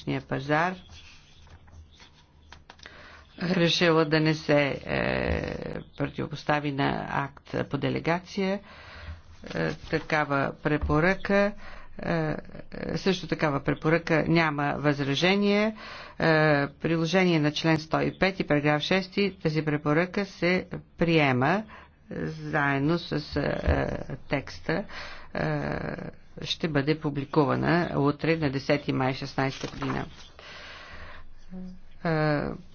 вътрешния пазар решила да не се е, противопостави на акт по делегация. Е, такава препоръка е, е, също такава препоръка няма възражение. Е, приложение на член 105 и параграф 6 тази препоръка се приема заедно с текста ще бъде публикувана утре на 10 май 16 година е,